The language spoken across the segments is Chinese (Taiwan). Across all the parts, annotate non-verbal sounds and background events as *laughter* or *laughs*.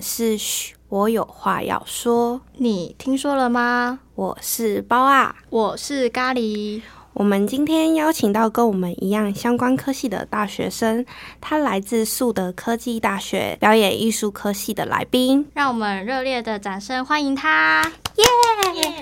是，我有話要說。你聽說了嗎？我是包啊，我是咖喱。我們今天邀請到跟我們一樣相關科系的大學生，他來自樹德科技大學表演藝術科系的來賓，讓我們熱烈的掌聲歡迎他！耶、yeah! Yeah!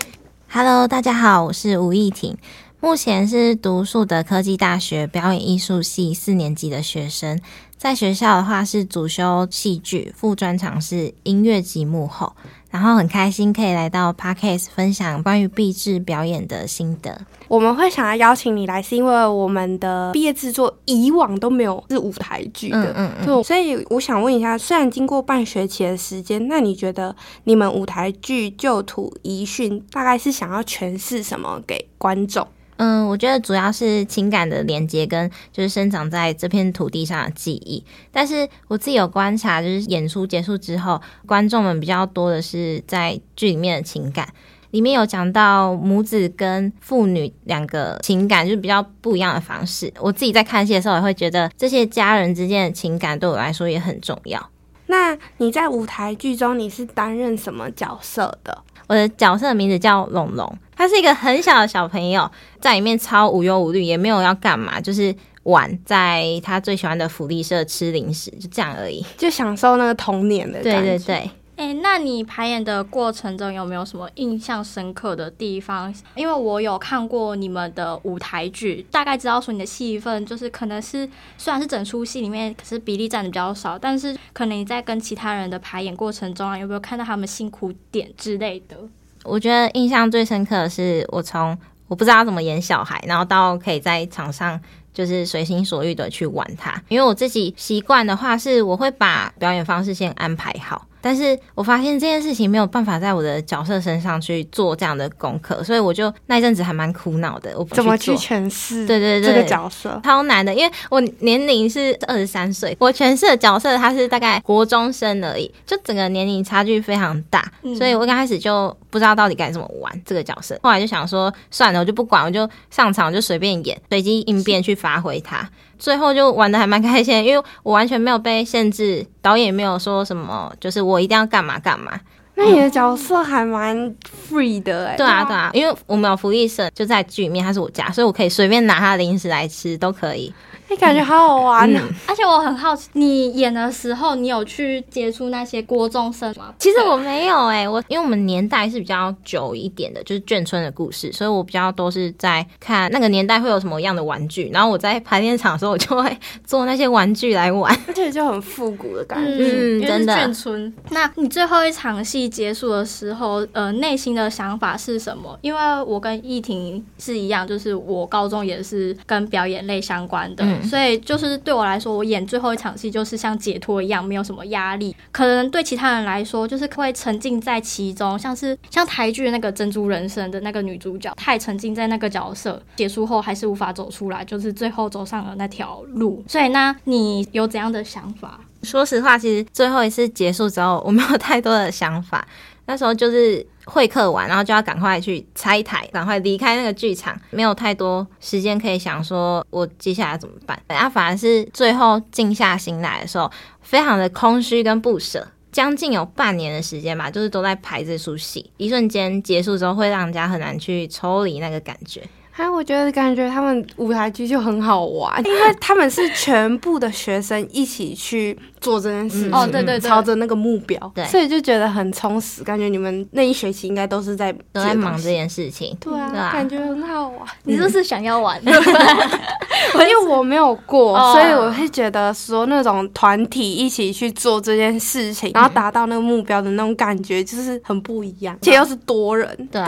！Hello，大家好，我是吳益廷，目前是讀樹德科技大學表演藝術系四年級的學生。在學校的話是主修戲劇，副專長是音樂及幕後，然後很開心可以來到 podcast 分享關於畢製表演的心得。我們會想要邀請你來，是因為我們的畢業製作以往都沒有是舞台劇的，嗯嗯嗯，所以我想問一下，雖然經過半學期的時間，那你覺得你們舞台劇《舊土遺訊》大概是想要詮釋什麼給觀眾？嗯，我覺得主要是情感的連接跟就是生長在這片土地上的記憶。但是我自己有觀察，就是演出結束之後，觀眾們比較多的是在劇裡面的情感。裡面有講到母子跟父女兩個情感，就是比較不一樣的方式。我自己在看戲的時候也會覺得，這些家人之間的情感對我來說也很重要。那你在舞台劇中你是擔任什麼角色的？我的角色名字叫龍龍，他是一個很小的小朋友，在裡面超無憂無慮，也沒有要幹嘛，就是玩，在他最喜歡的福利社吃零食，就這樣而已，就享受那個童年的。對對對。誒、欸，那你排演的過程中有沒有什麼印象深刻的地方？因為我有看過你們的舞台劇，大概知道說你的戲份就是可能是雖然是整出戲裡面，可是比例占得比較少，但是可能你在跟其他人的排演過程中啊，有沒有看到他們辛苦點之類的？我覺得印象最深刻的是，我從我不知道怎麼演小孩，然後到可以在場上。就是隨心所欲的去玩它，因為我自己習慣的話，是我會把表演方式先安排好。但是我發現這件事情沒有辦法在我的角色身上去做這樣的功課，所以我就那一陣子還蠻苦惱的。我怎麼去詮釋？對對對，這個角色超難的，因為我年齡是二十三歲，我詮釋的角色他是大概國中生而已，就整個年齡差距非常大，嗯。所以我一開始就不知道到底該怎麼玩這個角色。後來就想說，算了，我就不管，我就上場，我就隨便演，隨機應變去發揮他，最後就玩得還蠻開心，因為我完全沒有被限制，導演也沒有說什麼，就是我一定要幹嘛幹嘛。那你的角色還蠻 free 的哎、欸，嗯、對啊對啊，因為我們有福利社，就在劇裡面，他是我家，所以我可以隨便拿他的零食來吃都可以。哎、嗯，你感覺好好玩呢、啊嗯！而且我很好奇，你演的時候，你有去接觸那些國中生嗎？其實我沒有哎、欸，我因為我們年代是比較久一點的，就是眷村的故事，所以我比較都是在看那個年代會有什麼樣的玩具。然後我在排練場的時候，我就會做那些玩具來玩，而且就很復古的感覺，嗯，嗯，真的。眷村。那你最後一場戲，一結束的時候，呃，內心的想法是什麼？因為我跟益廷是一樣，就是我高中也是跟表演類相關的，嗯、所以就是對我來說，我演最後一場戲就是像解脫一樣，沒有什麼壓力。可能對其他人來說，就是會沉浸在其中，像是像台劇那個《珍珠人生》的那個女主角，太沉浸在那個角色，結束後還是無法走出來，就是最後走上了那條路。所以，那你有怎樣的想法？說實話，其實最後一次結束之後，我沒有太多的想法。那時候就是會客完，然後就要趕快去拆台，趕快離開那個劇場，沒有太多時間可以想說我接下來怎麼辦。那、嗯啊、反而是最後靜下心來的時候，非常的空虛跟不捨。將近有半年的時間吧，就是都在排這出戲，一瞬間結束之後，會讓人家很難去抽離那個感覺。還有我覺得感覺他們舞台劇就很好玩，因為他們是全部的學生一起去做這件事情，哦，對對對，朝着那個目標，對，所以就覺得很充實。感覺你們那一學期應該都是在在忙這件事情，對啊，感覺很好玩。你就是想要玩，因為我沒有過，所以我會覺得說那種團體一起去做這件事情，然後達到那個目標的那種感覺，就是很不一樣，而且又是多人，對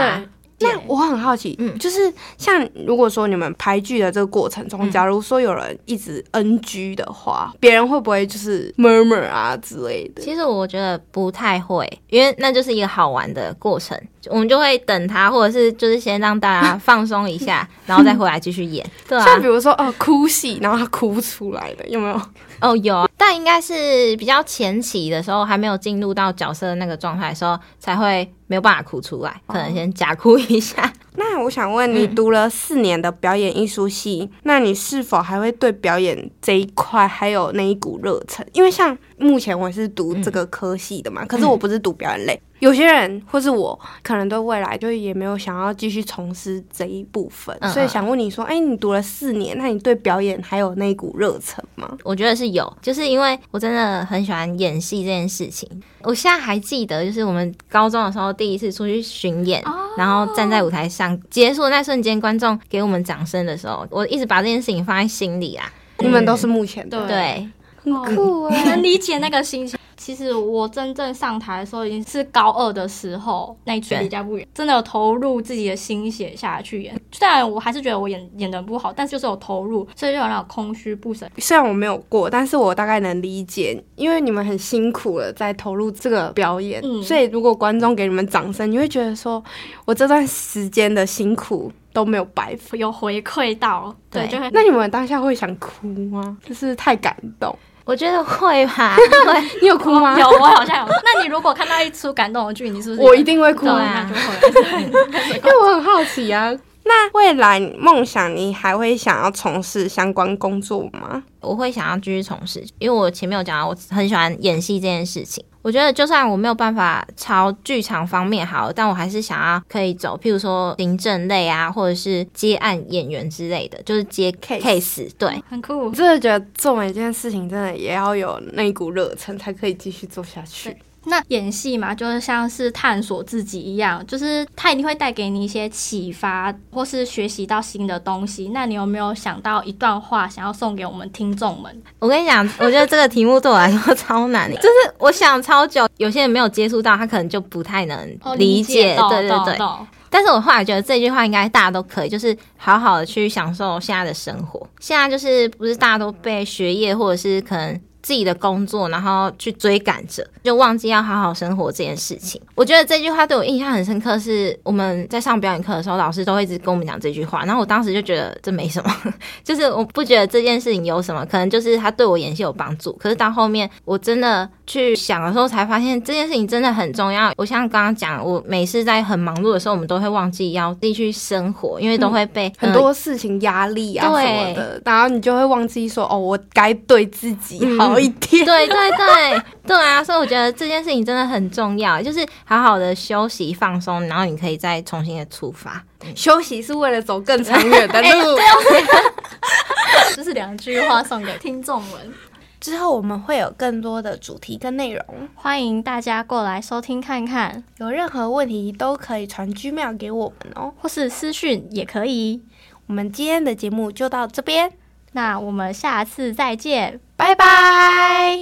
那我很好奇，Yeah, 就是像如果說你們拍劇的這個過程中，嗯、假如說有人一直 NG 的話，別、嗯、人會不會就是 murmur 啊之類的？其實我覺得不太會，因為那就是一個好玩的過程，我們就會等他，或者是就是先讓大家放鬆一下， *laughs* 然後再回來繼續演。對啊，像比如說哦哭戲，然後他哭出來的，有沒有？哦有、啊， *laughs* 但應該是比較前期的時候，還沒有進入到角色的那個狀態的時候才會。沒有辦法哭出來，可能先假哭一下。Oh. 那我想問你，讀了四年的表演藝術系，嗯、那你是否還會對表演這一塊還有那一股熱忱？因為像目前我是讀這個科系的嘛，嗯、可是我不是讀表演類。嗯嗯有些人或是我，可能對未來就也沒有想要繼續從事這一部分，嗯嗯，所以想問你說，哎，你讀了四年，那你對表演還有那股熱忱嗎？我覺得是有，就是因為我真的很喜歡演戲這件事情。我現在還記得，就是我們高中的時候第一次出去巡演，oh、然後站在舞台上結束的那瞬間，觀眾給我們掌聲的時候，我一直把這件事情放在心裡啦。嗯、你們都是目前對，很酷啊，能理解那個心情。其實我真正上台的時候已經是高二的時候，那一次比較不遠，對真的有投入自己的心血下去演。雖然我還是覺得我演演得不好，但是就是有投入，所以就有點空虛不實。雖然我沒有過，但是我大概能理解，因為你們很辛苦了，在投入這個表演，嗯、所以如果觀眾給你們掌聲，你會覺得說我這段時間的辛苦都沒有白費，有回饋到，對，對就會。那你們當下會想哭嗎？就是太感動。我覺得會吧， *laughs* 會你有哭嗎？有，我好像有。 *laughs* 那你如果看到一出感動的劇，你是不是我一定會哭對啊？ *laughs* 因為我很好奇啊。那未來夢想，你還會想要從事相關工作嗎？我會想要繼續從事，因為我前面有講到，我很喜歡演戲這件事情。我覺得，就算我沒有辦法朝劇場方面好，但我還是想要可以走，譬如說行政類啊，或者是接案演員之類的，就是接 case。對，很酷。我真的覺得做每件事情，真的也要有那一股熱忱，才可以繼續做下去。那演戲嘛，就是像是探索自己一樣，就是它一定會帶給你一些啟發，或是學習到新的東西。那你有沒有想到一段話想要送給我們聽眾們？我跟你講，我覺得這個題目對我來說 *laughs* 超難的，就是我想超久。有些人沒有接觸到，他可能就不太能理解。哦、理解，對對對，道道道，但是我後來覺得這句話應該大家都可以，就是好好的去享受現在的生活。現在就是不是大家都被學業或者是可能，自己的工作，然後去追趕着，就忘記要好好生活這件事情。我覺得這句話對我印象很深刻是，是我們在上表演課的時候，老師都會一直跟我們講這句話。然後我當時就覺得這沒什麼，就是我不覺得這件事情有什麼，可能就是他對我演戲有幫助。可是到後面，我真的去想的時候，才發現這件事情真的很重要。我像剛剛講，我每次在很忙碌的時候，我們都會忘記要自己去生活，因為都會被、嗯嗯、很多事情壓力啊對什麼的，然後你就會忘記說哦，我該對自己、嗯、好。一天，對對對對啊！所以我覺得這件事情真的很重要，就是好好的休息放鬆，然後你可以再重新的出發。休息是為了走更長遠的路。這、 *laughs* 欸對哦、 *laughs* 是兩句話送給聽眾們。之後我們會有更多的主題跟內容，歡迎大家過來收聽看看。有任何問題都可以傳 Gmail 給我們哦，或是私訊也可以。我們今天的節目就到這邊。那我們下次再見，拜拜。